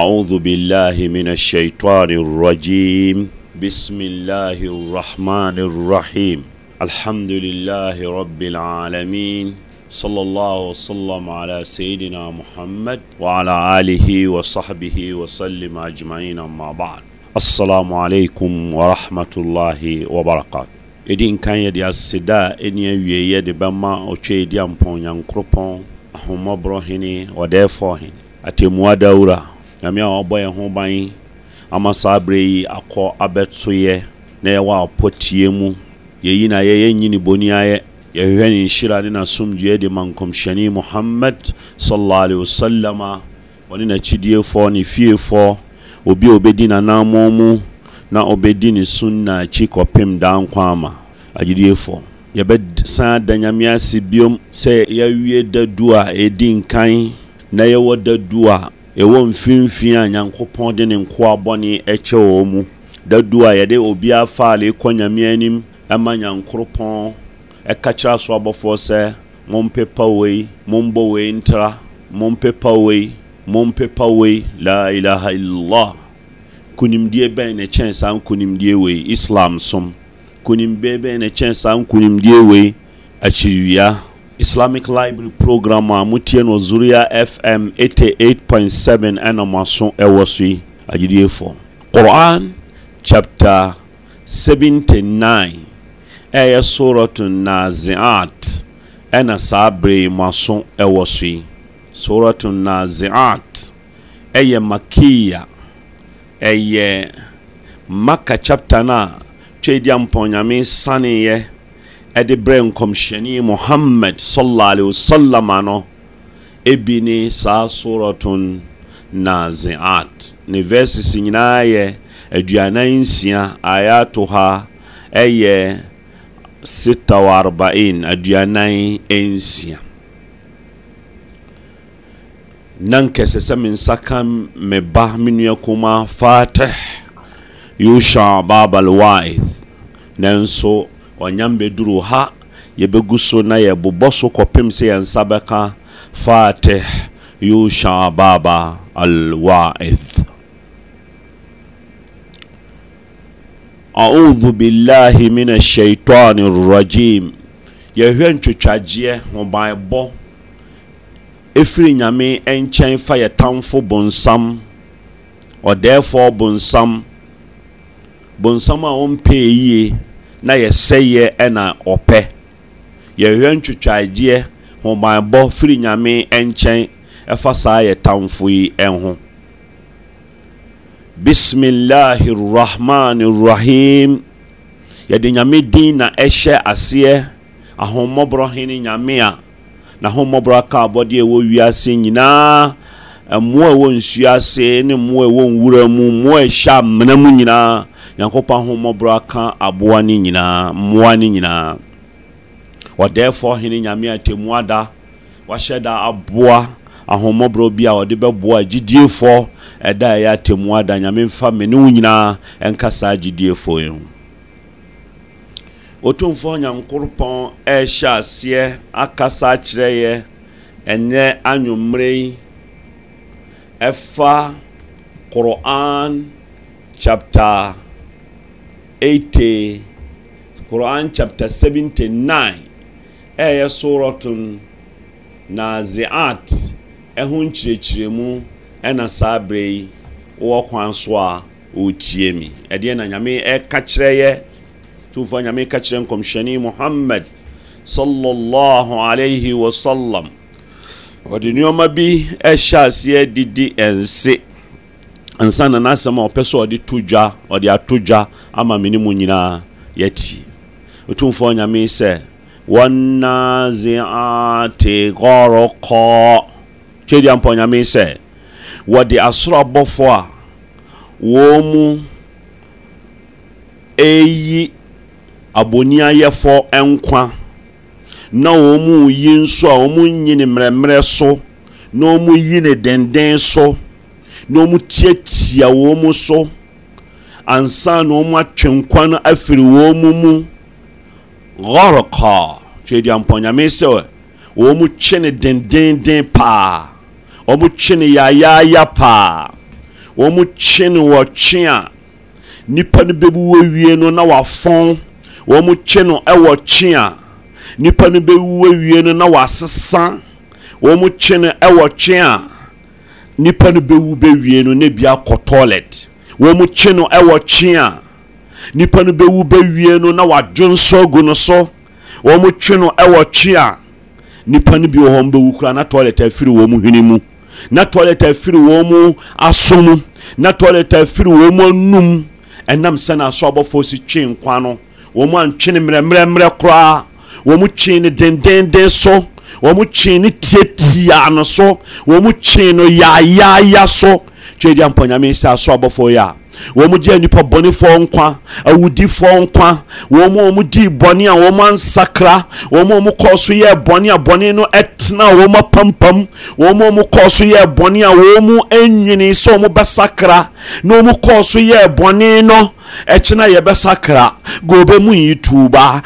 أعوذ بالله من الشيطان الرجيم بسم الله الرحمن الرحيم الحمد لله رب العالمين صلى الله وسلم على سيدنا محمد وعلى آله وصحبه وسلم أجمعين أما بعد السلام عليكم ورحمة الله وبركاته ɛdi nkan yɛde aseda a ɛni awie yɛde bɛma ɔtwa edi ampɔn nyankoropɔn ahomɔborɔ hene ɔdɛɛfɔ hene atemmuadawura nyame a ɔbɔ yɛn ho ban ama saa berɛ yi akɔ abɛto yɛ na yɛwɔ apɔtie mu yɛyi na yɛyɛ nyini boni ayɛ yɛhwehwɛ ne nhyira ne n'asomdwoeɛ de ma nkɔmhyɛne mohammad sallallahu alaihi wasallam a ɔne n'akyidiefoɔ ne fiefoɔ obi a obɛdi n'anammɔ mu na obɛdi ne sunna akyi kɔpem daa nkwa ama agyidiefoɔ yɛbɛsan da nyame ase biom sɛ yɛawie dadu a ɛdi nkan na yɛwɔ dadu a ɛwɔ mfimfini a nyankopɔn de ne nkoa bɔne ɛkyɛ wɔ mu a yɛde obiara faale kɔ nyame anim ɛma nyankoropɔn ɛka kyerɛ so abɔfoɔ sɛ mompepa wei mombɔ wei ntra mompepa wei mompepa wei la ilaha illallah kunimdie bɛn ne kyɛn saa nkunimdie wei islam som bɛn ne kyɛn saa nkunimdie islamic library program a motie no zuria fm 88.7 ɛna mo aso ɛwɔ so yi agyediefoɔ quran chapter 79 ɛyɛ suratu naziat ɛna saa bere mo aso ɛwɔ so yi suratu naziat ɛyɛ makiya ɛyɛ maka chapter na a twɛdi a saneeɛ ɛde brɛ nkɔmhyɛni muhammad sallallahu alaihi wasallam ano ebi ne saa soratun naziat ne verses nyinaa yɛ aduanan nsia ayato ha ɛyɛ sita wa arba'in aduanan nsia nan kɛsɛ sɛ me nsa ka me ba me nua kuma fatih yusha babal wa'id nanso ɔnyam bɛduru ha yɛbɛgu so na yɛbobɔ so kɔpem sɛ yɛn nsa bɛka fatih yusha baba alwaid أعوذ بالله من الشيطان الرجيم yɛhwɛ ntwitwagyeɛ hobanbɔ ɛfiri nyame nkyɛn fa yɛ tamfo bonsam ɔdɛɛfoɔ bonsam bonsam a ɔmpɛɛ yie na yɛsɛeɛ ɛna ɔpɛ yɛhwɛ ntwitwaagyeɛ hobanbɔ firi nyame nkyɛn ɛfa saa yɛ yi ɛho bismillahi rahmani rahim yɛde nyame din na ɛhyɛ aseɛ ahommɔborɔ hene nyame a n'ahommɔborɔ aka abɔdeɛ ɛwɔ wiase nyinaa mmoa ɛwɔ nsuo ase ne mmoa ɛwɔ nwura mu mmoa ɛhyɛ amena mu nyinaa nyankopɔn ahommɔborɔ aka aboa no nyinaa mmoa no nyinaa hene nyame ada wahyɛ da aboa bi a ɔde bɛboa gyidiefoɔ ɛda ɛyɛ atemmu ada nyame mfa me ne wo nyinaa ɛnka saa gyidiefoɔ yi ho ɔtumfoɔ nyankoropɔn ɛɛhyɛ aseɛ akasa akyerɛ ɛnyɛ yi ɛfa Quran chapter 80 Quran chapter 79 ɛyɛ soratun naziat ɛho nkyerɛkyerɛmu ɛna saa berɛ yi wowɔ kwan so a woretie mi ɛdeɛ na nyame ɛka e kyerɛ yɛ tumfoɔ nyame ka kyerɛ nkɔmhyɛne muhammad sallallahu alaihi wasallam ɔde nneɔma bi ɛhyɛ e aseɛ didi ɛnse ansa na n'asɛm a ɔpɛ sɛ ɔde to dwa ɔde ato dwa ama me ne mu nyinaa yɛti ɔtumfoɔ nyame sɛ wɔnaziate gɔrɔkɔ kyɛdia mpɔ nyame sɛ wɔde asoro a wɔn mu ɛyi aboniayɛfɔ nkwa na wɔn mu yi nso a wɔn mu nyi ne mmerɛmmerɛ so na wɔn mu yi ne denden so na ɔmo tiatia wɔn mo so ansa na ɔmo atwe nkwa afiri wɔn mo mu ghɔrɔkɔ twɛdi ampɔnyame sɛ wɔn mo kye ne dendenden paa wɔn mo kye ne yaayaaya paa wɔn mo kye ne wɔ kye a nipa no bɛbu wɔ wie no na wafɔn wɔn mo kye no ɛwɔ kye a nipa no bɛwu wɔ wie no na wasesa wɔn mo kye no ɛwɔ kye a. nipa no bɛwu bɛwie no ne bi akɔ toilet wɔn mu kye no ɛwɔ kye a nipa no bɛwu bɛwie no na wadwo nso agu no so wɔn mu kye no ɛwɔ kye a nipa no bi wɔ hɔ bɛwu kura na toilet afiri wɔn mu hwene mu na toilet afiri wɔn mu aso mu na toilet afiri wɔn mu anum ɛnam sɛ na aso abɔfoɔ si kye nkwa no wɔn mu antwe ne koraa wɔn mu kye ne dendenden so wɔn twee no tiatia no so wɔn twee no yaayaaya so twɛ di ampɔnyame nsa so abɔfoɔ yɛ wɔn gye nipa bɔnifoɔ nkwa awudifoɔ nkwa wɔn a wɔn di bɔni a wɔn ansakra wɔn a wɔn kɔɔ so yɛ bɔni a bɔni no ɛtena wɔn apampam wɔn a wɔn kɔɔ so yɛ bɔni a wɔn anyini sɛ wɔn bɛsakra na wɔn kɔɔ so yɛ bɔni no ɛkyena yɛbɛsakra gobe mu yi tuba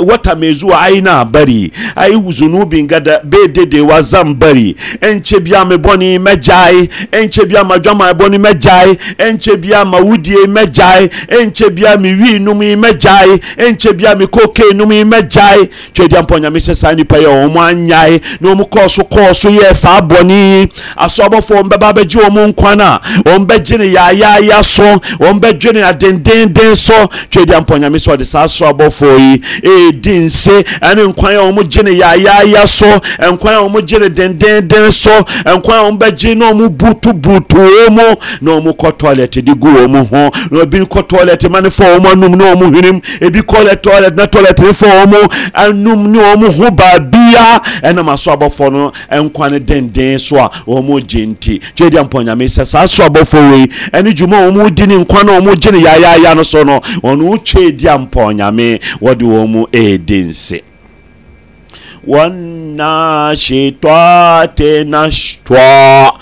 wata mai zuwa ai na bari ai zunubin gada bai dedewa zan bari ɛnkyɛ bia me bɔni mɛgyae ɛnkyɛ bia ma dwama bɔni mɛgyae ɛnkyɛ bia ama wudie mɛgyae ɛnkyɛ bia me wii nom yi mɛgyae ɛnkyɛ bia me kokee nom yi mɛgyae twɛdia mpɔ nyame sɛ saa nnipa yɛ ɔn mo anyae na ɔm kɔɔ so kɔɔ so yɛɛ saa bɔne yi asɔbɔfoɔ ɔmbɛba bɛgye ɔ mu nkwan a ɔmbɛgye ne yaayaaya so ɔmbɛgye ne adendenden so twɛdia mpɔ nyame sɛ ɔde saa asɔbɔfoɔ yi ɛɛdi nse ɛne nkwan a ɔm gye ne yaayaaya so nkwan a ɔm gye ne dendenden so nkwan a ɔmbɛgye na ɔm butubutuo mu na ɔm kɔ toilet de gu wɔn ho na ebi kɔ toilet ma ne fɔ wɔn anum ne wɔn hwenem ebi kɔ toilet na toilet ne fɔ wɔn anum ne wɔn ho baabia ɛnam aso abɔfoɔ no nkwa ne denden so a wɔn gye nti gye di mpɔnyame sɛ saa aso abɔfoɔ wei ɛne dwuma wɔn di ne nkwa na wɔn gye ne yaayaaya no so no wɔn ho twɛ di mpɔnyame wɔde wɔn edi nse. wannashitwate nashitwa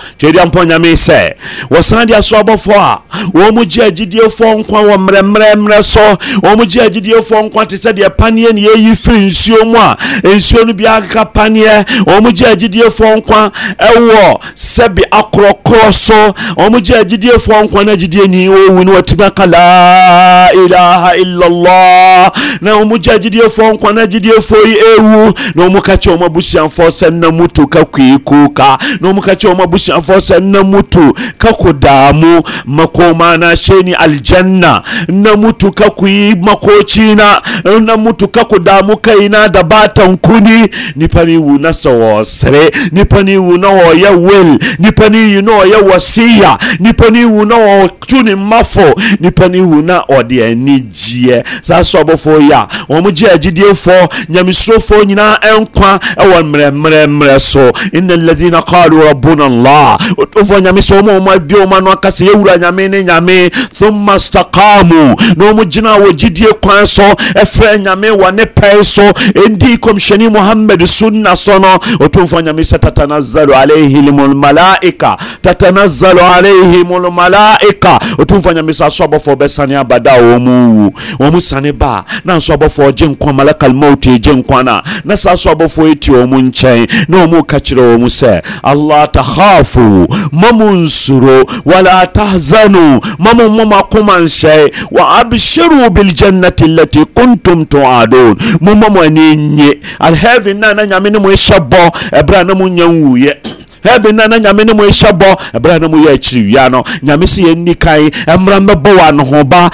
mpɔ nyame sɛ wɔsena de asoabɔfoɔ a wɔn mu gye agyidiefoɔ nkwa wɔ mmerɛmmerɛmmerɛ so wɔn mu gye agyidiefoɔ nkwa te sɛ deɛ paneɛ ne yɛyi firi nsuo mu a nsuo no bi akeka paneɛ wɔn mu gye agyidiefoɔ nkwa ɛwɔ sɛbi akorɔkorɔ so wɔn mu gye agyidiefoɔ nkwa na agyidie ni owu no wɔtumi aka laa ilaha illallah na wɔn mu gye agyidiefoɔ nkwa na agyidiefoɔ yi ewu na n'omuka ky'omu abusuafoɔ sɛ nnamutu kakwikuuka n'omuka ky'omu abusuafoɔ sɛ nnamutu kakudaamu makomaana hyɛni aljanna nnamutu kakuyi makokina nnamutu kakudamu kaina da batan kuni nipa ni wu na sɛ wɔɔsere nipa ni wu na wɔɔyɛ wel nipa ni wu na ɔyɛ wasiya nipa ni wu na ɔtu ne mmafo nipa ni wu na ɔde ani gyeɛ saa sɛ yi a wɔn gye agyidiefoɔ nyamesurofoɔ nyinaa nkwa ɛwɔ mmerɛmmerɛmmerɛ so inna alladhina qalu rabbuna allah ɔtomfoɔ nyame sɛ ɔma ɔma bio ma no aka sɛ yɛwura nyame ne nyame thumma stakamu na ɔmu gyina wɔ gyidie kwan so ɛfrɛ nyame wɔ ne pɛe so ɛndi kɔmhyɛni mohammad sunna so no ɔtomfo nyame sɛ tatanazzalu alaihim almalaika tatanazzalu alaihim lmalaika ɔtomfo nyame sɛ aso abɔfoɔ bɛsane abada a ɔmu wu ɔmu sane baa na nso abɔfoɔ gye nkwa malakal gye nkwa no na saa so abɔfoɔ ati wɔ mu nkyɛn na ɔ mu ka kyerɛ wɔ mu sɛ alla taxafoo ma mo nsuro wala tahzanoo ma momam akoma nhyɛe waabhiro belgannat lati kuntum toadoon mommamo ani ye alhavi nana nyame ne mo ɛhyɛ bɔ ɛberɛ a na moya wuyɛ heaven nana nyame ne mo hyɛ bɔ na mo yɛ akyiri wia no nyame sɛ yɛnni kan ɛmmra mmɛbɔ wɔ anohoba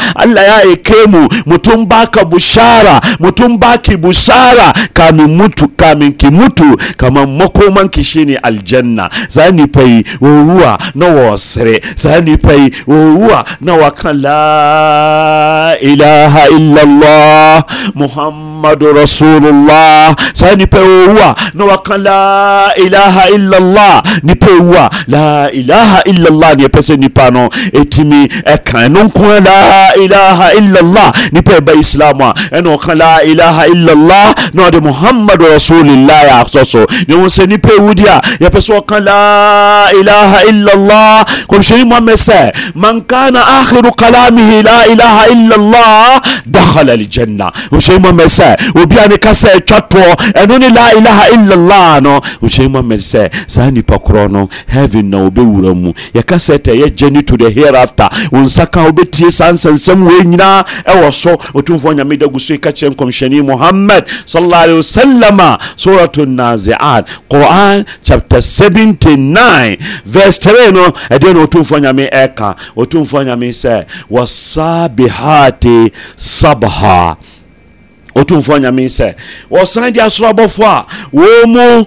ya ekemu mutumba kabushara mutumba kibushara kamimutu kaminkimutu kama makoma nkishini aljanna saa nnipa yi na wɔsere saa nnipa yi na wɔka la ilaha illallah muhammad muhammadu rasulillah saa nipa ewu a na waka la ilaha illallah nipa ewu a la ilaha illallah deɛ pɛ sɛ nipa no etimi ɛka ɛno nko la ilaha illallah nipa ɛba islam a ɛna ɔka la ilaha illallah na ɔde muhammadu rasulillah yɛ asɔ so ne ho sɛ nipa ewu deɛ a yɛpɛ sɛ ɔka la ilaha illallah kɔmhyɛni muhammed sɛ man kana akhiru kalamihi la ilaha illallah dakhala aljanna kɔmhyɛni muhammed sɛ obi a meka sɛ twa toɔ ɛno ne la ilaha illallah no mu muhammad sɛ saa nnipa korɔ no heaven na wɔbɛwura mu yɛka sɛ ɛtɛ ɛyɛ journey to the hereafter wo nsa wobɛtie saa nsɛnsɛm wei nyinaa ɛwɔ so ɔtumfoɔ nyame da gu so ka kyerɛ nkɔmhyɛne muhammad sallallahu alaihi wasallam suratu naziat quran chapter 79 verse 3 no ɛdeɛ no ɔtumfoɔ nyame ɛka ɔtumfoɔ nyame sɛ wasabihati sabha ɔtumfoɔ nyame sɛ wɔsan de asorɔbɔfoɔ a wɔn mu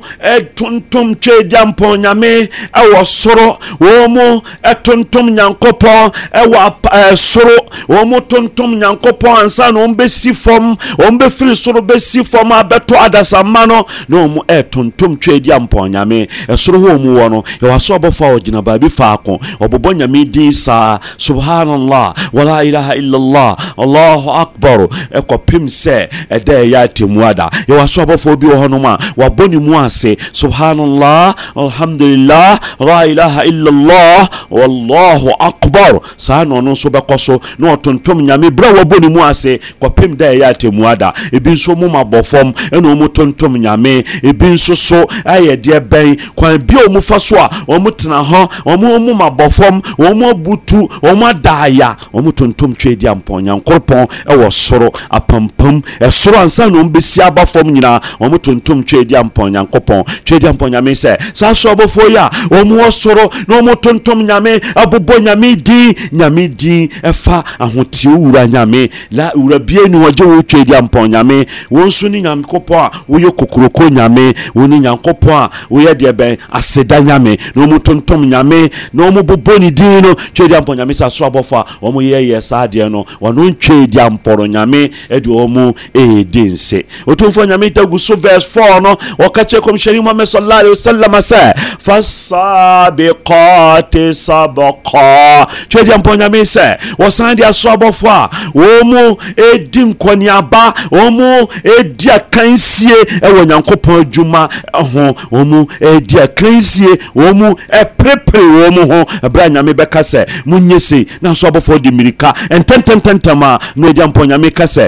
tontom twe gyampɔn nyame ɛwɔ soro wɔn mu tontom nyankopɔn ɛwɔ soro wɔn mu tontom nyankopɔn ansa na wɔn bɛsi fam wɔn bɛfiri soro bɛsi fam abɛto adasamma no na wɔn mu tontom twe gyampɔn nyame ɛsoro wɔn mu wɔ no yɛwɔ asorɔbɔfoɔ a wɔgyina baabi faako ɔbobɔ nyame din saa subhanallah wala ilaha illallah allahu akbar ɛkɔpem sɛ ɛda ɛyɛ atemmu ada yɛwɔ so abɔfoɔ bi wɔ hɔnom a wabɔ ne mu ase subhanallah alhamdulillah la ilaha illallah wallahu akbar saa na ɔno nso bɛkɔ so na ɔtontom nyame berɛ a wabɔ ne mu ase kɔpem da ɛyɛ atemmu ada ebi nso mu ma bɔ fam ɛna ɔmo tontom nyame ebi nso so ayɛ deɛ bɛn kwan bi a ɔmo fa so a ɔmo tena hɔ ɔmo ɔmo ma bɔ fam ɔmo abutu ɔmo adaaya ɔmo tontom twɛ di ampɔnyankorpɔn ɛwɔ soro apampam ɛ ɔsoro ansa na ɔmbɛsi aba fam nyinaa ɔmo tuntum twɛdi ampɔ nyankopɔn twɛdi ampɔ nyame sɛ saa so abɔfoɔ yi a ɔmo ɔsoro na ɔmo tuntum nyame abobɔ nyame din nyame din ɛfa ahoteɛ wura nyame la wura bie ni wɔgye wo twɛdi ampɔ nyame wɔn nso ne nyankopɔn a woyɛ kokoroko nyame wɔn ne nyankopɔn a woyɛ deɛ bɛn aseda nyame na ɔmo tuntum nyame na ɔmo bobɔ ne din no twɛdi ampɔ nyame sɛ aso abɔfoɔ a ɔmo yɛyɛ saa deɛ no wɔn ntwɛdi ampɔ nyame ɛde ɔmo ɛɛdi nse ɔtumfoɔ nyame da gu so vers 4 no wɔka kyerɛ kɔmhyɛne muhammad sallallahu alaihi wasallam sɛ fasabiqati sabqa twɛdeɛ mpɔ nyame sɛ wɔsan de aso abɔfoɔ a wɔn mu ɛdi nkɔneaba wɔn mu ɛdi akansie ɛwɔ nyankopɔn adwuma ho wɔn mu ɛdi akansie wɔn mu ɛpirepire wɔn mu ho ɛberɛ a nyame bɛka sɛ monyɛ sei nanso abɔfoɔ de mmirika ɛntɛntɛntɛntɛm a na mpɔ nyame ka sɛ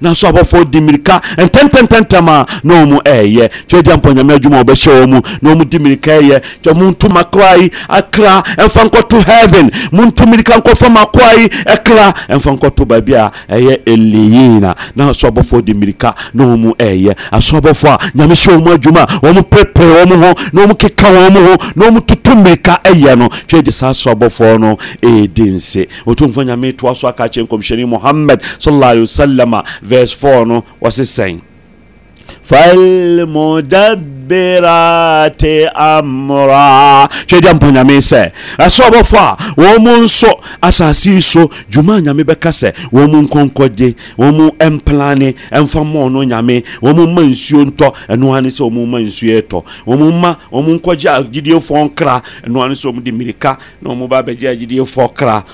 na nso abɔfoɔ di mirika ntɛmtɛmtɛmtɛm a na ɔmu ɛɛyɛ di ampɔ nyame adwuma a ɔbɛhyɛ ɔ mu na ɔmu di mirika ɛyɛ twɛ mu nto makoa yi akra ɛmfa nkɔto heaven mu nto mirika nkɔfa makoa yi ɛkra ɛmfa nkɔto baabi a ɛyɛ eliyina na nso abɔfoɔ di mirika na ɔmu ɛɛyɛ aso abɔfoɔ a nyame hyɛ ɔmu adwuma a pepe pɛpɛ ɔmu ho na ɔmu keka ɔmu ho na ɔmu tutu mirika ɛyɛ no di saa so abɔfoɔ no ɛɛdi nse ɔtumfo nyame to aso aka kyerɛ nkɔmhyɛni muhammad sallallahu alaihi wasallam verse four no wɔsi sɛn. falmudabirati amra twɛdeɛ mpo nyame sɛ ɛsɛ ɔbɔfo a wɔn mu nso asase yi so dwuma nyame bɛka sɛ wɔn mu nkɔnkɔgye wɔn mu mplane ɛmfa mmɔɔ no nyame wɔn mu ma nsuo ntɔ ɛnoa ne sɛ wɔn mu ma nsuo ɛtɔ wɔn mu ma wɔn mu nkɔgye agyidiefoɔ nkra ɛnoa ne sɛ wɔn mu de mmirika na wɔn mu ba abɛgye agyidiefoɔ kra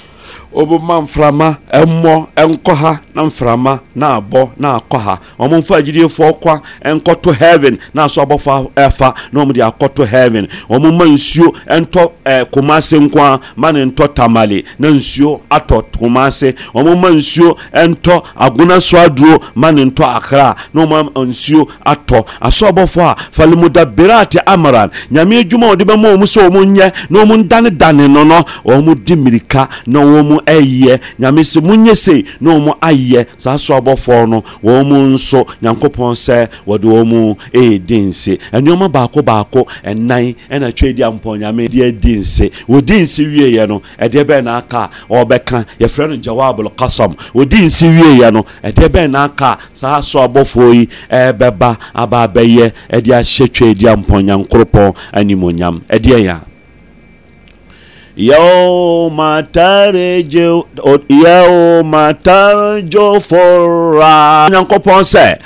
obuma mframa mmụọ nkọ ha na mframa na-abọ na-akọ ha ọmụmfọ agyidiefo ọkwa nkọto heaven na-asọ abọfọ ɛfa na ɔmde akɔto heaven ɔmoma nsuo ntɔ eh, kumase ma ne ntɔ tamale na nsuo atɔ kumase ɔmoma nsuo ntɔ agona so aduro ma ne ntɔ akra na nsuo atɔ asɔ abɔfo a falimudabirat amaran nyame adwuma ɔde bɛma ɔmu sɛ nyɛ na ɔmu danedane no no di mirika na no ɛyɛ nyame sɛ monyɛ sei na ɔmo ayɛ saa so abɔfoɔ no wɔn mu nso nyankopɔn sɛ wɔde wɔn mu ɛredi nse nneɛma baako baako ɛnan ɛna twɛ di ampɔnyame deɛ di nse wɔdi nse wieɛ no ɛdeɛ bɛn na aka ɔbɛka yɛfrɛ no jawabul kasam wɔdi nse wieɛ no ɛdeɛ bɛn na saa so abɔfoɔ yi ɛɛbɛba aba abɛyɛ ɛde ahyɛ twɛ di ampɔnyankoropɔn animonyam ɛdeɛ yɛn yawma tarjo yawma tarjo fora. nyankopɔn sɛ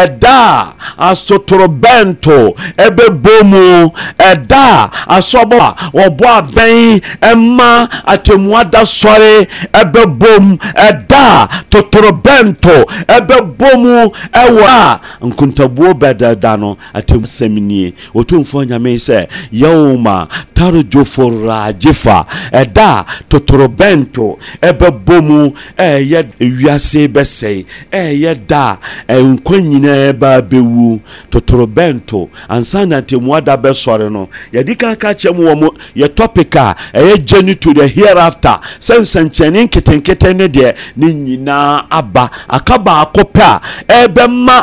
ɛda a asotorobɛnto ɛbɛbɔ mu ɛda a asɔbɔ a wɔbɔ abɛn ɛma atemua da sɔre ɛbɛbɔ bomu. ɛda a totorobɛnto ɛbɛbɔ mu ɛwɔ a nkuntabuo bɛdada no atemua sɛm nie otumfoɔ nyame sɛ yawma tarjo fora gyefa a ɛda a totorobɛnto ɛbɛbɔ mu ɛɛyɛ ewiase bɛsɛe ɛɛyɛ da a nkwa nyinaa ba bɛwu totorobɛnto ansa na ntɛmua da bɛsɔre no yɛde kanka kyɛ mu wɔ mo yɛ topic a ɛyɛ journey to the hereafter sɛ nsɛnkyɛnne nketenkete ne deɛ ne nyinaa aba aka baako pɛ a ɛbɛma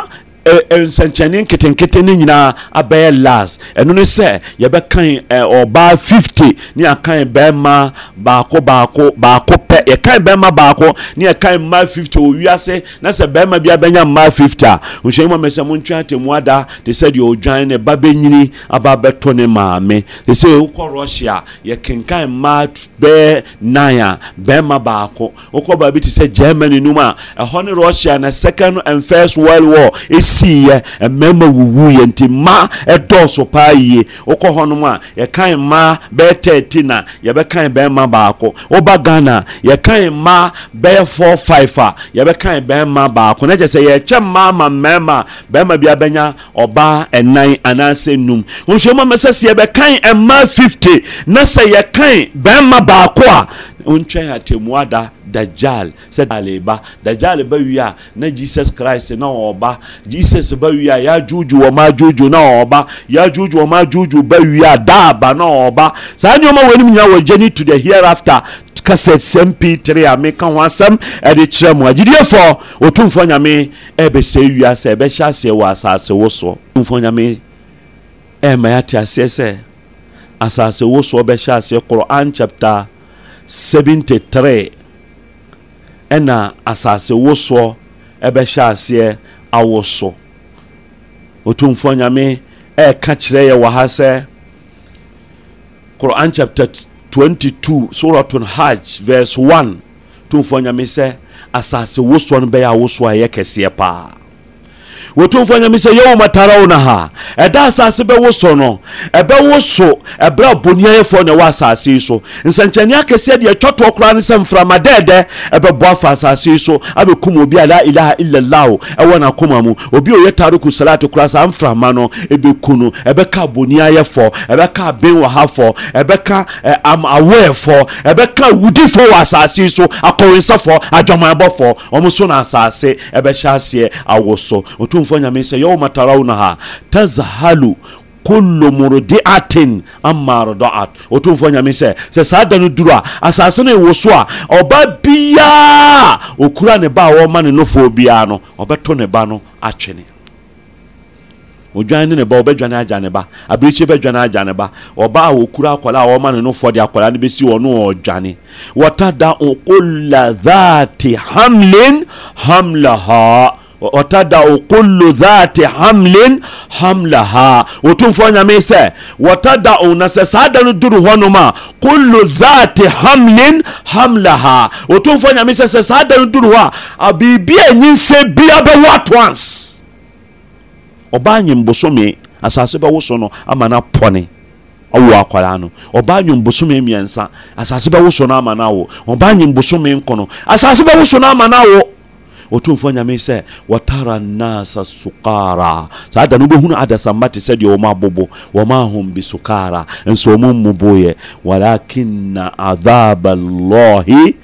Eh, eh, nsɛnkyɛnni nketenkete ne nyinaa abɛyɛ las ɛno ne sɛ yɛbɛkan eh, ɔbaa fifty ne yɛkan bɛrima baako baako baako pɛ yɛkan bɛrima baako ne yɛkan mmaa fifty wɔ wiase na sɛ bɛrima bi abɛnya mmaa fifty a nhyɛn mu amesɛ mo ntwɛn atemu ada te sɛ deɛ odwan ne ba bɛnyini aba abɛtɔ ne maame te sɛ wokɔ russia yɛkenkan mmaa bɛɛ nan a bɛrima baako wokɔ baabi te sɛ germany num a ɛhɔ ne russia na second and first world war esi siiɛ e mmarima wuwuiɛ nti mma ɛdɔɔso paa yie wokɔ hɔnom a yɛkan ma bɛyɛ tɛɛti na yɛbɛkan bɛrima baako woba ghana yɛkan ma e bɛyɛ four five a yɛbɛkan bɛrima baako na kyɛ sɛ yɛkyɛ mmaa ma mmarima bɛrima bi abɛnya ɔbaa ɛnan anaasɛ num nhyiamu amɛ sɛ sɛ yɛbɛkan ma fifty na sɛ yɛkan bɛrima baako a ɔntwɛn atemmu da dajal sɛ dajal ba dajal ba wie a na jesus christ na ɔba jesus ba wie ya juju wɔn juju na ɔba juju wɔn juju ba wie a daaba na ɔba saa nneɛma wɔ anim nyinaa wɔ journey to the hereafter cassette mp3 a meka ho asɛm ɛde kyerɛ mu agyidiefoɔ ɔtumfoɔ nyame ɛbɛsɛ wiase ɛbɛhyɛ aseɛ wɔ asase wo soɔ ɔtumfoɔ nyame ɛma yɛate aseɛ sɛ asase wo soɔ bɛhyɛ aseɛ korɔ chapter 73 ɛna asasewosoɔ ɛbɛhyɛ aseɛ awoso ɔtomfo nyame ɛyɛka kyerɛ yɛwɔ ha sɛ coroan chapter 22 sorato hag vs 1 tomfo nyame sɛ asase wosoɔ no bɛyɛ awosoɔ a ɛyɛ kɛseɛ paa wɔtumfoɔ nyame sɛ yɛwoma taraw no ha ɛda asase bɛwo so no ɛbɛwo so ɛberɛ aboniayɛfoɔ ne ɛwɔ asase yi so nsɛnkyɛnne akɛseɛ deɛ ɛtwɔtoɔ koraa ne sɛ mframa dɛɛdɛ ɛbɛboa fa asase yi so abɛkum obi a la ilaha illallah ɛwɔ n'akoma mu obi a ɔyɛ taroku salate koraa saa mframa no ɛbɛku no ɛbɛka aboniayɛfoɔ ɛbɛka abenwahafɔ ɛbɛka amaweɛfoɔ ɛbɛka awudifoɔ wɔ asase yi so akɔwensɛfoɔ adwamanbɔfoɔ ɔmo so no asase ɛbɛhyɛ aseɛ awo so ɔtumfoɔ nyame sɛ yɛwoma tarawnaha tazhalu kullu murdi'atin amma rada'at ɔtumfoɔ nyame sɛ sɛ saa da no duru a asase no ɛwɔ so a ɔba biaa ɔkura ne ba a wɔma ne nofoɔ biaa no ɔbɛto ne ba no atwene odwan ne ne ba ɔbɛdwane agya ne ba abirikyi bɛdwane agya ne ba ɔba a wɔkura akwadaa a wɔma ne no fɔ de akwadaa no bɛsi wɔn ɔdwane wɔta da okola dhaati hamlin hamlaha watada kullu thate hamlin hamlaha otumfɔ nyame sɛ watadaonasɛ saadano dureɔ noma kullu thate hamlen hamlaha ɔtumf nyamesɛɛ saadano dr hɔa abiribia nyinsɛ bia bɛoatnc ɔba yemosome asase bɛwosn amanapɔne awoa ɔba mosomemmɛs asase bɛwosmosmeasase bɛs ɔtumfoɔ nyame sɛ watara nnasa sukara saa da no bɛhunu adasamba te sɛdeɛ wɔma abobɔ wɔma ahom bi sukara nsɛɔm mmu boeɛ walakinna adhaba llohi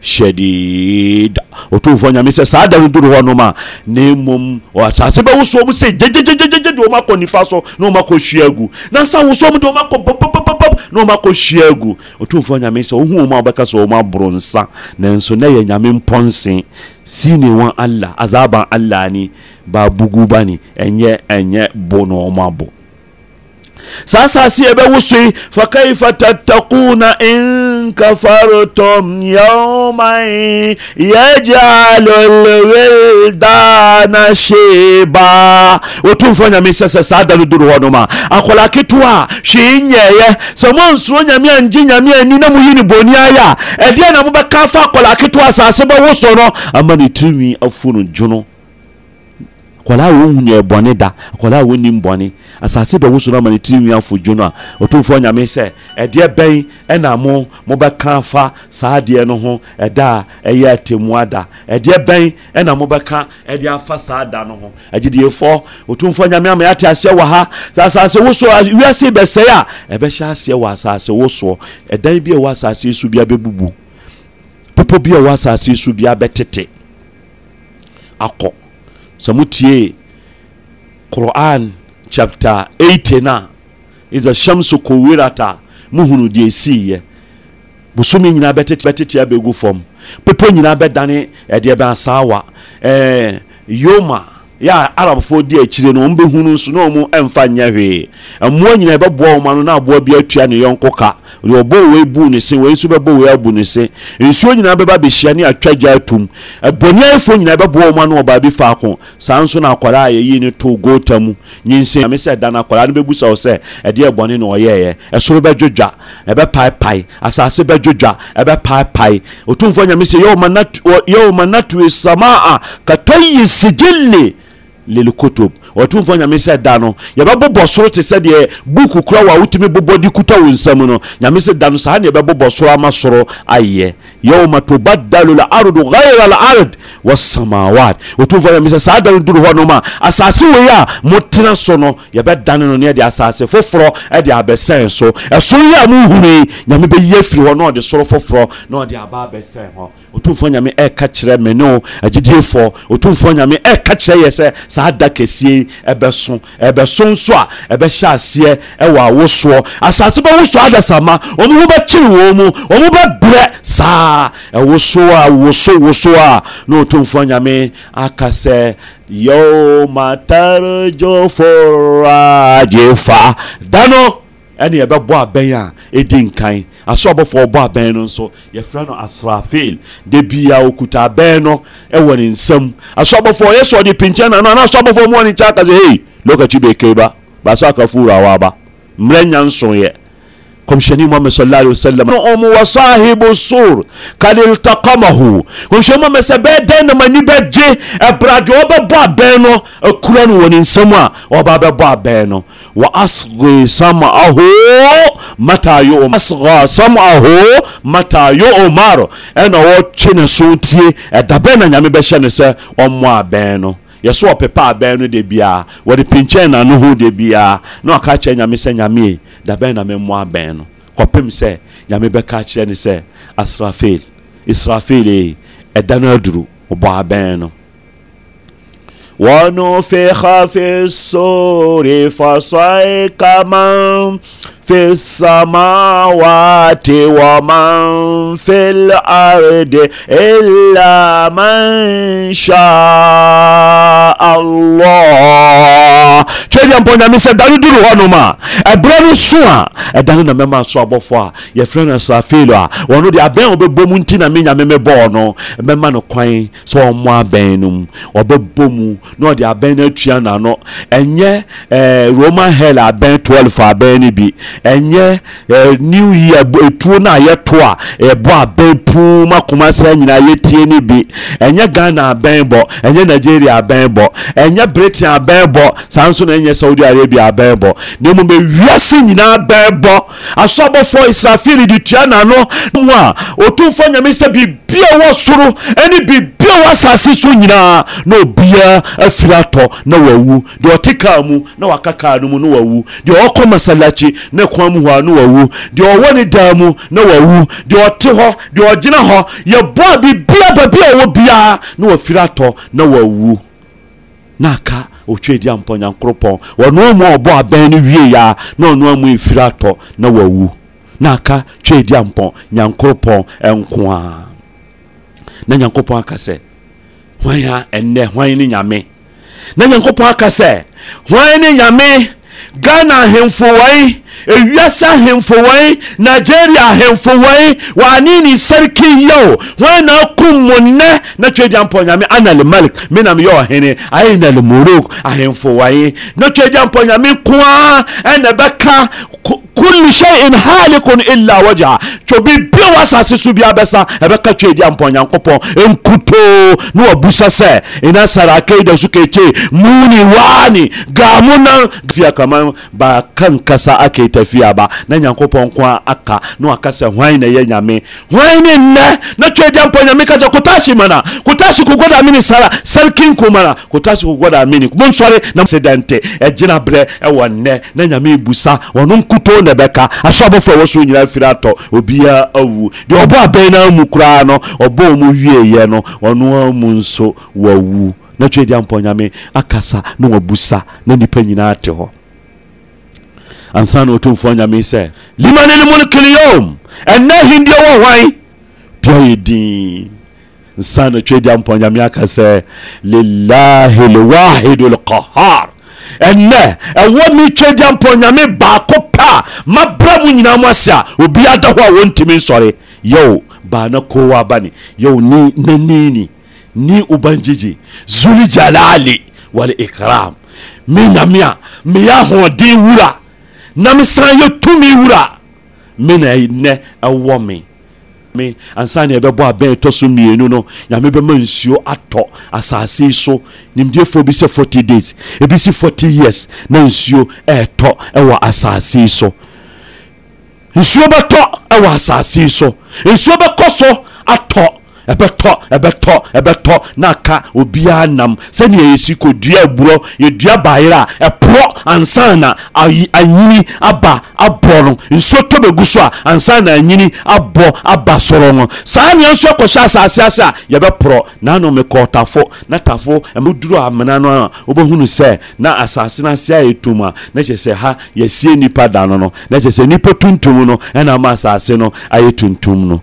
sadida ɔtumfoɔ nyame sɛ saa da no duro hɔnom a ne mom sase bɛwosoɔ m sɛ gy deɛ wɔma akɔ nnifa so na ɔmaakɔ sia gu nansa wosoɔ mu de wɔmakɔ ba na ɔmakɔ hia agu ɔtomfo nyamesɛ wohu ɔma wobɛka sɛ wɔma borɔ nsa nenso na yɛ nyame mpɔnse si ne wa allah aza aba allah ni baabugu bani ɛyɛɛnyɛ bo na ɔma bo saa sase yɛbɛwo so yi fa kifa tatakuna كفرتم يوما يجعل الولدان شيبا wɔtumfoɔ nyame sɛ sɛ saa da no duru hɔ nom a akɔla ketewa a hwee nyɛeɛ sɛ moansuro nyame angye nyame ani na moyi ne bɔni ayɛ a ɛdeɛ na mobɛka fa akɔla ketewa asase bɛwoso no ama ne tirinwi no dwono akɔla a bɔne da akɔla a wɔnim bɔne asase bɛwo so no ama ne tiri nwi afodwo no a ɔtomfoɔ nyame sɛ ɛdeɛ bɛn ɛna mo mobɛka fa saa adeɛ no ho ɛda a ɛyɛ atemmua da ɛdeɛ bɛn ɛna mobɛka ɛde afa saa da no ho agyediefoɔ ɔtomfoɔ nyame ama yɛate aseɛ wɔ ha sɛ asase wo soɔ wiase bɛsɛe a ɛbɛhyɛ aseɛ wɔ asase wo soɔ ɛdan bi a ɛwɔ asase so bia bɛbubu bepɔ bi a ɛwɔ asase so bia bɛtete akɔ sɛ motie quran chapter 18n a isasiamso kowirat a muhunu deɛ esiiɛ bosome nyinaa bɛtete abɛgu fam popɛ nyinaa bɛdane ɛdeɛ bɛasa awa eh, yoma yɛ arabu di akyire no ɔm nso na ɔm ɛmfa nyɛ hwee mmoa nyina ɛbɛboa ɔma no na aboa bi atua ne yɔnko ka deɛ ɔbɔ bu ne se nso bɛbɔ abu ne se nsuo nyinaa bɛba ne atwa gya atum nyinaa ɛbɛboa faako saa nso na akwadaa a yɛyi ne to gota mu nyinsɛn ame sɛ da akwadaa no bɛbu sa wo ɛdeɛ bɔne na ɔyɛɛyɛ ɛsoro bɛdwodwa ɛbɛpaepae asase bɛdwodwa ɛbɛpaepae lelikotob ɔtumfoɔ nyame sɛ da no yɛbɛbobɔ soro te sɛ deɛ buku kora wɔ a wotumi bobɔ kuta wo nsam no nyame sɛ da no saa ne yɛbɛbobɔ soro ama soro ayɛ yauma tobaddalu lardu ghaira lard wasamawat ɔtumfoɔ nyame sɛ saa da no duru hɔ nom a asase wei a motena so no yɛbɛdane no ne ɛde asase foforɔ ɛde abɛsɛn so ɛsoro yɛ a mohunui nyame bɛyɛ firi hɔ na ɔde soro foforɔ na ɔde aba abɛsɛn hɔ otumfoɔ nyame ɛka kyerɛ me ne agyidiefoɔ otumfoɔ nyame ɛka kyerɛ yɛ sɛ saa da kɛsie ɛbɛso ɛbɛso nso a ɛbɛhyɛ aseɛ ɛwɔ awosoɔ asase bɛwosoɔ adasama ɔmo ho bɛkyere wɔ mu ɔmo bɛbrɛ saa ɛwoso a woso woso a na otumfoɔ nyame aka sɛ yɛwma tarjo foragefa da dano. ɛne yɛbɛbɔ abɛn a ɛdi nkan asɔ abɔfɔɔ bɔbɛn no nso yɛfrɛ no asrafil de bia okutabɛɛ no wɔne nsam asɔ abɔfɔ yɛsɔɔde pinti nnasɔfykasa ɛ yɛne mm swm wasahib sor kadiltakamaho osyɛnimesɛ bɛɛdɛn nam ni bɛgye brad ɔbɛbɔbɛn no kura no wɔne nsam a ɔbabɛbɔbɛn no wa asghi sam'ahu mata yu'mar asgha sam'ahu mata yu'mar ɛna wɔtwe ne so tie ɛda bɛn na nyame bɛhyɛ ne sɛ ɔmmoa abɛn no yɛsɛ ɔpepa abɛn no de biara wɔde pinkyɛn n'ano ho de biara na ɔka kyerɛ nyame sɛ nyame da bɛn na memmoa abɛn no kɔpem sɛ nyame bɛka kyerɛ ne sɛ asrafil israfil ɛda no aduru ɔbɔ abɛn no ونفخ في الصور فصعق من في السماوات ومن في الأرض إلا من شاء الله twɛdi mpɔnyame sɛ da no duru hɔnom a ɛberɛ no so a ɛda na mɛma so abɔfoɔ a yɛfrɛ no asrafelo a wɔno de abɛn a wɔbɛbɔ mu nti na me nyame mebɔɔ no mɛma no kwan sɛ ɔmmɔ abɛn no mu ɔbɛbɔ mu na ɔde abɛn no atua n'ano ɛnyɛ roman hell abɛn 12 abɛn no bi ɛnyɛ ɛɛ eh, new year etuo no a yɛto a ɛbɔ abɛn puu ma kumase nyinaa yɛtie ne bi ɛnyɛ ghana abɛn bɔ ɛnyɛ nigeria abɛn bɔ ɛnyɛ britain abɛn bɔ saa nso na ɛnyɛ saudi arabia abɛn bɔ na emu bɛ wiase nyinaa abɛn bɔ asɔbɔfo israfiri di tia n'ano mu a otumfo nyamisa bibi a wɔ soro ɛne bibi a wɔ asase so nyinaa na obiara afiri atɔ na wawu deɛ ɔte kaa mu na waka kaa no mu na wawu deɛ ɔkɔ masalachi na. koamhɔ a na wɔwu deɛ ɔwɔ ne daa mu na wɔwu deɛ ɔte hɔ deɛ ɔgyena hɔ yɛbɔ a bibia babia ɔwɔ biaa na wfiri atɔ na wu naaɔwpɔyankopɔnoa m aɔbɔɔ abɛn no eia naɔna m ɛfir atɔ na a wpɔ nyankoropɔnn nyankopɔakasɛ wan a ɛnɛ wan ne nyame na nyankopɔ aka sɛ hwae ne nyame gana ahf ews ahfw nigeria ahfuw wanini serkiya na km mnne ncjpa analmalk menmy analmlok ahf ncjpameka ɛnebeka se halk ila wj nti obi bia wɔ asase so bi abɛsa ɛbɛka twa edi ampɔ nyankopɔn nkutoo ne wabusa sɛ ina sara akeida so kekye muni wani ga mu fia kama ba kan kasa akeita fia ba na nyankopɔn ko aka na waka sɛ hwan na ɛyɛ nyame hwan ne nnɛ na twa edi ampɔ nyame ka sɛ kotashi mana kotashi kogoda mini sara selkinko kumana kotashi kogoda mini monsɔre na sedɛnte ɛgyina berɛ ɛwɔ nnɛ na nyame busa ɔno nkutoo na ɛbɛka aso abɔfo a wɔso nyinaa firi atɔ obi biara awu deɛ ɔbɔ abɛn no mu koraa no ɔbɔ mu wieeɛ no ɔno mu nso wawu na twɛ di ampɔ nyame akasa na wabusa na nnipa nyinaa te hɔ ansa na ɔtomfoɔ nyame sɛ limane no mulkil yom ɛnɛ hindeɛ wɔ hwan bia yɛ din nsa na twɛ di ampɔ nyame aka sɛ lilahi lwahidu lqahar ɛnɛ ɛwɔ me twagya mpɔ nyame baako pɛ ma mabra mu nyinaa mu ase a obiaa da hɔ a wɔntumi nsɔre yɛwo baa kowa ba ni yɛwo ni na nini ni ubangiji zuli jalali wale ikram me nyame a meyɛ ahoɔden wura na mesan yɛ tumi wura me na ɛnɛ ɛwɔ me me ansa ne ɛbɛbɔ abɛn ɛtɔ so mmienu no nyame bɛma nsuo atɔ asase yi so nimdeefoɔ bi sɛ 40 days ebi si 40 years na nsuo ɛɛtɔ ɛwɔ asase yi so nsuo bɛtɔ ɛwɔ asase yi so nsuo bɛkɔ so atɔ ɛbɛtɔ ɛbɛtɔ ɛbɛtɔ n'aka obiara nam sɛnea yɛsi ko dua eburɔ yɛdua baayera ɛporɔ ansana ayi anyini aba abɔ no nsuo tɔ bɛ gu so a ansana anyini abɔ aba soro no saa nea nso akɔhyɛ asase ase a yɛbɛporɔ n'ano mi kɔ tafo na tafo ɛmu duro amena no a wobɛhunu sɛ na asase n'ase a yɛtum a na kyerɛ sɛ ha yɛsie nipa da no no na kyerɛ sɛ nipa tuntum no ɛna ama asase no ayɛ tuntum no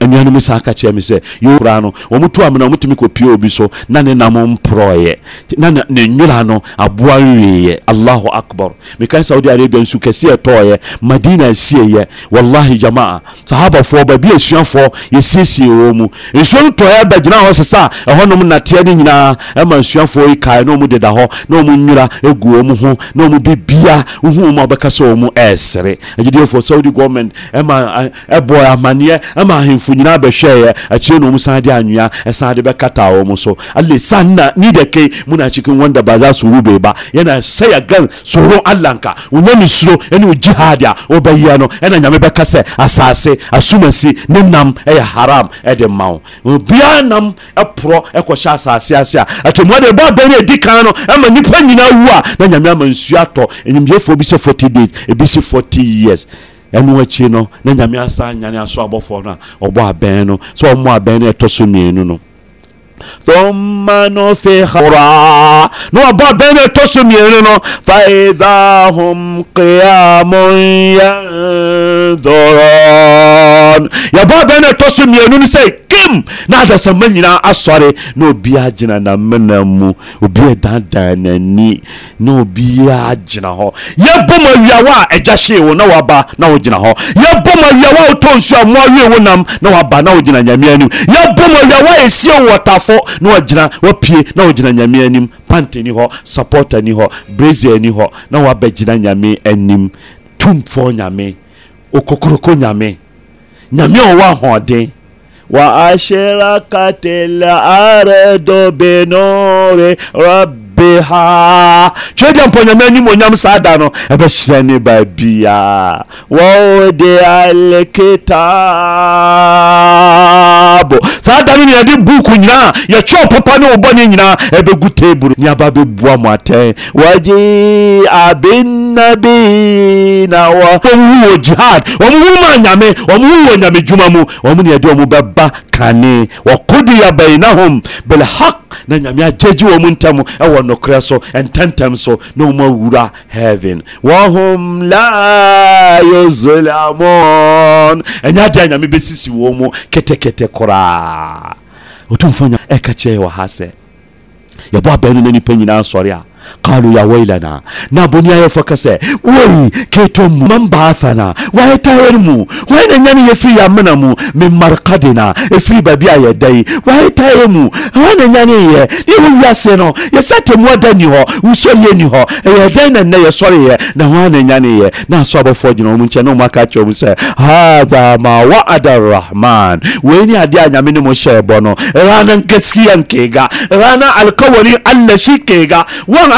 anuanom saa ka kyerɛ me sɛ yɛkura no wɔmoto amena wɔmotumi kɔpie obi so na ne nam mporɔeɛ na ne nwera no aboa wieeɛ allahu akbar mekae saudi arabia nsu kɛseɛ ɛtɔɔyɛ madina asieeɛ wallahi jamaa sahabafoɔ baabi asuafoɔ yɛsiesie wɔ mu nsuo no tɔeɛ ada gyina hɔ sesa ɛhɔnom nateɛ no nyinaa ɛma nsuafoɔ yi kae na ɔmu deda hɔ na ɔmu nwera ɛgu ɔmu ho na ɔmu bibia wohu ɔmu a wobɛka sɛ ɔmu ɛɛsere agyediefoɔ saudi government ɛma ɛbɔɔ amaneɛ ɛma ahemfo asɔfo nyinaa bɛhwɛeɛ akyire na ɔmu san de anwea ɛsan de bɛkata wɔn so ale san na ni de ke mu na cikin wanda ba za su rube ba yana sai ya gan tsoron allanka wunye ni suro ɛne o jihadi a wɔbɛyɛ no ɛna nyame bɛka sɛ asase asumasi ne nam ɛyɛ haram ɛde ma wo obiara nam ɛporɔ ɛkɔhyɛ asase ase a atɔmuade ɛbɔ abɛn no ɛdi kan no ɛma nnipa nyinaa wu a na nyame ama nsuo atɔ animyefoɔ bi sɛ 40 days ebi si forty years ɛno akyi no na nyame asa nyane aso abɔfoɔ no a ɔbɔ abɛn no sɛ ɔmmɔ abɛn no ɛtɔ so mmienu no thumma nufiha ura na wɔbɔ abɛn no ɛtɔ so mmienu no faidha hum qiyamun yanzurun yɛbɔ abɛn no ɛtɔ so mmienu no sei kam na adasamma nyinaa asɔre na obiaa gyina na namena mu obia dandan n'ani na obiaa gyina hɔ yɛbɔ mu awiawa a agya hyee wo na woaba na wogyina hɔ yɛbɔ mu awiawa a wotɔ nsu a mmoa wie wo nam na woaba na wogyina nyame anim yɛbɔ mu awiawa a ɛsie wo wɔtafo na wagyina wapie na wogyina nyame anim pantani hɔ ni hɔ brese ni hɔ na gyina nyame anim tumfoɔ nyame okokoroko nyame nyame a ɔwɔ ahoɔden وأشرقت الأرض بنور ربها twɛdeɛ mpɔnyama animonyam saa da no ɛbɛhyerɛ ne baabia wɔwode alkitab saa dame ne yɛde buk nyinaa yɛkwɛ papa ne wobɔne nyinaa ɛbɛgu table neaba bɛbua m atɛ wia binabi na wɔ jihad ɔmwma nyame ɔmu wɔ nyame dwuma mu ɔmneɛde m bɛba kane wakodira bainahum bilhaq na nyame agyegyi wɔ mu ntm ɛwɔ nokrɛ so ɛntɛntɛm so na ɔm awura hevin hm la yuslamun ɛnya ade a nyame bɛsisi wɔ mu ktktɛ koraa wotumfoɔ nya ɛka eh, kyerɛ yɛ wɔ ha sɛ yɛbɔ abɛn no nnipa nyinaa nsɔre a قالوا يا ويلنا نابونيا يفكسة وي كيتم من بعثنا وهيتايرمو وين انني يفري يا منمو من مرقدنا يفري بابيا يدي وهيتايرمو وين انني يهو ياسينو يساتي مودني هو وسوريني هو يدين ان يسوري na وين انني ناسو ابو فوجنا ومنشنو ما كاتشو مسا هذا ما وعد الرحمن وين يا دي انا منمو شيبونو رانا كسكيان كيغا رانا الكوري الله شي كيغا وانا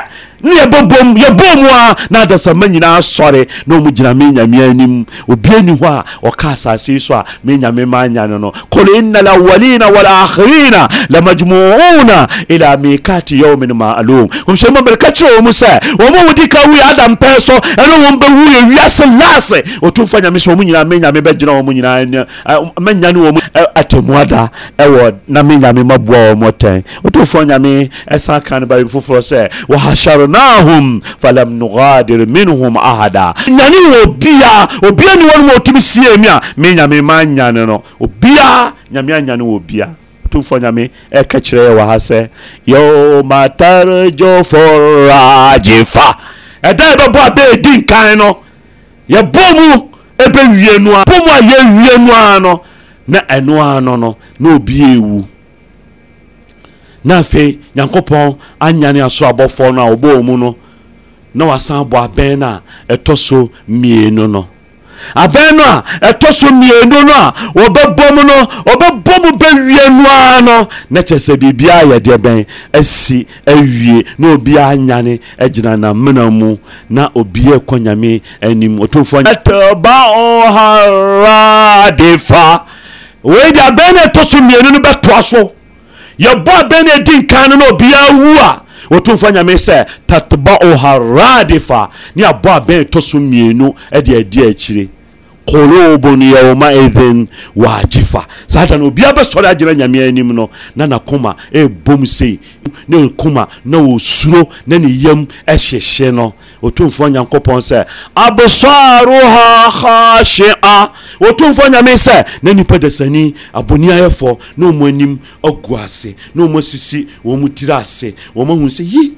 ne yɛbɛbom yɛbɔ mu a na adasama nyinaa sɔre na ɔmu gyina me nyame anim obia ni hɔ a ɔka asase yi so a me nyame ma anya no no kul inna lawalina walakhirina lamajmuuna ila mikati yaumin maalum ɔmhyɛ ma bɛreka kyerɛ wɔ mu sɛ wɔ ma wodi ka wui adam pɛɛ so ɛne wɔm bɛwu wiase lase ɔtomfa nyame sɛ ɔmu nyinaa me nyame bɛgyina wɔ mu nyinaa mɛnya ne wɔ atamuada ɛwɔ na me nyame maboa wɔ mu ɔtɛn nyame ɛsa ka no baabi foforɔ sɛ wahasharo nahm falamnohader minhum ahada nyane wɔ bia obia nnewɔno mɔɔtumi siemu a me nyame ma nyane no obia nyame anyane wɔ bia ɔtomfɔ nyame ɛkɛ kyerɛ yɛwɔ ha sɛ yma targoforage fa ɛdan ɛbɛbɔ a bɛɛdi nkan no yɛbɔ mu bɛwie n yɛwie no ar no n ɛno ar n nn obɛw na afei nyankopɔn anyane aso abɔfoɔ no a ɔbɔɔ mu no na wasan abɔ abɛn no a ɛtɔ so mmienu no abɛn no a ɛtɔ so mmienu no a wɔbɛbɔ mu no wɔbɛbɔ mu bɛwie no ara no na kyerɛ sɛ biribiaa yɛdeɛ bɛn asi awie na obiaa nyane agyina namena mu na obiaa kɔ nyame anim ɔtomfoɔ ɛtbaoharadifa weide abɛn no ɛtɔ so mmienu no bɛtoa so yɛbɔ abɛn ne ɛdi nka no no obiara wu a wɔtomfo nyame sɛ tatbaoharadifa ne yɛbɔ abɛn ɛto so mmienu de adi akyire yauma yawmaidhin wajifa saa da no obiaa bɛsɔre agyina nyame anim no na nakoma ɛbom sei na ɛkoma na ɔsuro na ne yam ɛhyehye no ɔtumfoɔ nyankopɔn sɛ absaruha khashia ɔtumfoɔ nyame sɛ na nipa dasani abɔni ayɛfɔ na ɔmu anim agu ase na ɔmu asisi wɔn mu tiri ase wɔn sɛ yi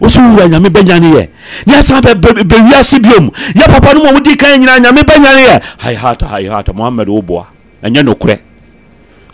osr ayame benyanee yesabewiasibiom yapapanmudkyyame benyan hh mohammedboa yenkre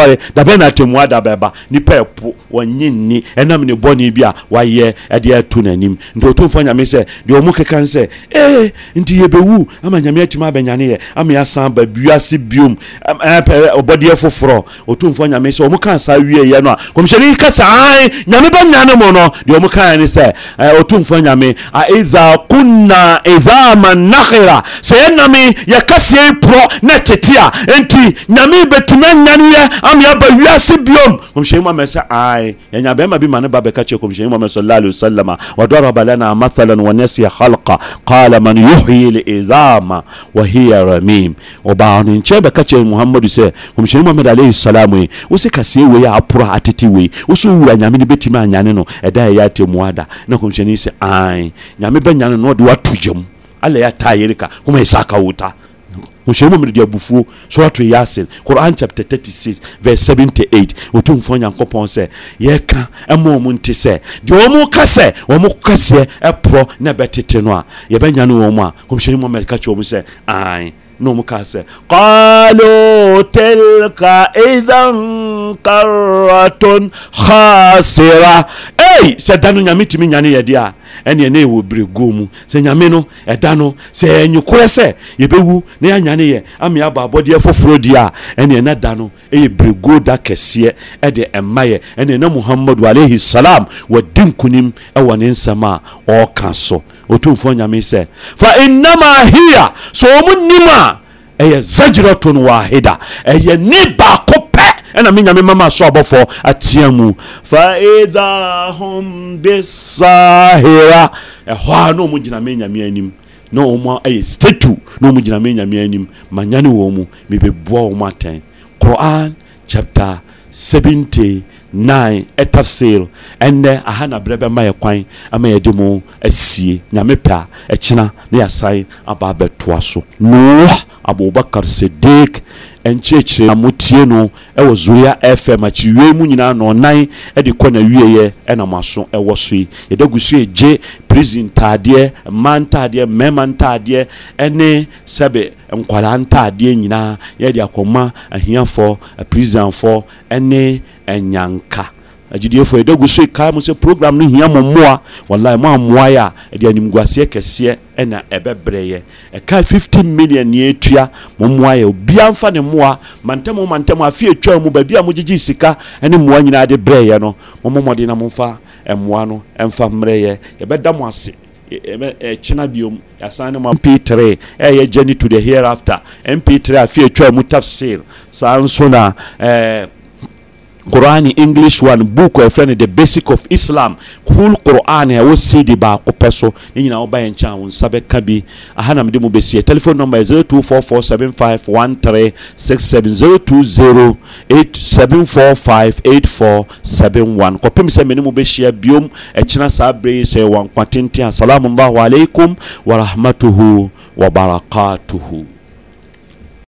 asɔre dabɛn na atemua da bɛba nipa ɛpo wɔnyi nni ɛnam ne bɔne bi a wayɛ ɛde ato n'anim nti ɔtumfo nyame sɛ deɛ ɔmo keka n sɛ ee nti eh, wu ama nyame atumi abɛnyane yɛ ama san eh, eh, ba wiase biom ɔbɔdeɛ foforɔ ɔtumfo nyame sɛ ɔmo ka saa wieyɛ no a kɔmhyɛne ka sa saa nyame bɛnyane mu no deɛ ɔmo kaɛ ne sɛ ɔtumfo nyame a iza kunna izama nakhira sɛ yɛname yɛkaseɛ porɔ na tete a enti nyame bɛtumi anyane yɛ ame aba wiase biom kɔmhyɛni muhamad sɛ ae yɛnya bɛrima bi ma ne ba bɛka kyerɛ kɔmhyɛni muhamad sala alai wasalama wadaraba lana mathalan wanasiya halka qala man yuhyi lizama wa hiya ramim ɔbaa no bɛka kyerɛ muhamado sɛ kɔmhyɛni muhamad alaihi salamu yi wo sɛ kaseɛ wei a aporɔ atete wei wo sɛ wowura nyame no bɛtumi anyane no ɛda ɛyɛ atɛmu ada na kɔmhyɛni sɛ ae nyame bɛnyane no ɔde woato gyam ala yɛataa yere ka kɔma ɛsɛ wo ta ɔhyɛne mu mede abufuo so ato yɛ asen quran chapter 36 verse 78 ɔtumfoɔ nyankopɔn sɛ yɛka ɛma mu nte sɛ deɛ ɔmo ka sɛ ɔmo kaseɛ ɛporɔ na ɛbɛtete no a yɛbɛnya ne wɔ mu a kɔmhyɛne mu amɛrika kyerɛ mu sɛ ae n'omuka sɛ qalu tilka idan karatun khasira ei sɛ da no nyame tumi nyane yɛde a ɛneɛ ne ɛwɔ bere go mu sɛ nyame no ɛda no sɛ ɛnyi korɛ sɛ yɛbɛwu na yɛanyane yɛ ama yɛabɔ abɔdeɛ foforɔ di a ɛneɛ na da no ɛyɛ bere go da kɛseɛ ɛde ɛma yɛ ɛneɛ na muhammadu alaihi salam wɔdi nkonim ɛwɔ ne nsɛm a ɔreka so ɔtumfoɔ nyame sɛ fa innama hia sɛ ɔ mu nim a ɛyɛ zagiratun wahida ɛyɛ ni baako pɛ ɛna me nyame mama so abɔfɔ atea mu fa ida hom bisahira ɛhɔ a na ɔmu gyina me nyame anim na ɔmu ɛyɛ statu na ɔmu gyina me nyame anim manyane wɔ mu mebɛboa wɔ mu atɛn quran chapter seventy nine ɛtafsir ɛnɛ aha na berɛ bɛma yɛ kwan ama yɛde mu asie nyame pɛ a ɛkyena ne yɛasan aba abɛtoa so noa abubakar sidik nkyerɛkyerɛ na motie no ɛwɔ zoria fm akyiwie mu nyinaa na ɔnan ɛde kɔ na wieɛ ɛna mo aso ɛwɔ so yi yɛda gu so yɛgye prison ntaadeɛ mmaa ntaadeɛ mmarima ntaadeɛ ɛne sɛbe nkwadaa ntaadeɛ nyinaa yɛde akɔma ahiafoɔ prisonfoɔ ɛne ɛnyanka agyidiefo yɛde gu so kae mu sɛ program no hia mo mmoa wallahi mo ammoa yɛ a ɛde animguaseɛ kɛseɛ ɛna ɛbɛbrɛ yɛ ɛka 50 million ne ɛtua mo mmoa yɛ obia mfa ne mmoa mantam mantam afei atwa mu baabi a mogyegye sika ne mmoa nyinaa de brɛ yɛ no mommɔ mmɔden na momfa mmoa no ɛmfa mmerɛ yɛ yɛbɛda mo ase ɛkyena biom yɛasan ne ma mp3 ɛyɛ journey to the hereafter mp3 afei atwa mu tafsir saa nso na ɛɛ qur'ani english one book a eh, friend the basic of islam full quran a eh, wosi di baako pɛ so ne nyinaa woba yɛ nkyɛn a wo nsa bɛka bi aha na mede mu bɛsie telephone number yɛ 0244751367 0208745841 kɔpem sɛ mene mu bɛhyia biom ɛkyena eh, saa berɛ yi sɛ ɛwɔ nkwa tenten wa rahmatuhu warahmatuhu wabarakatuhu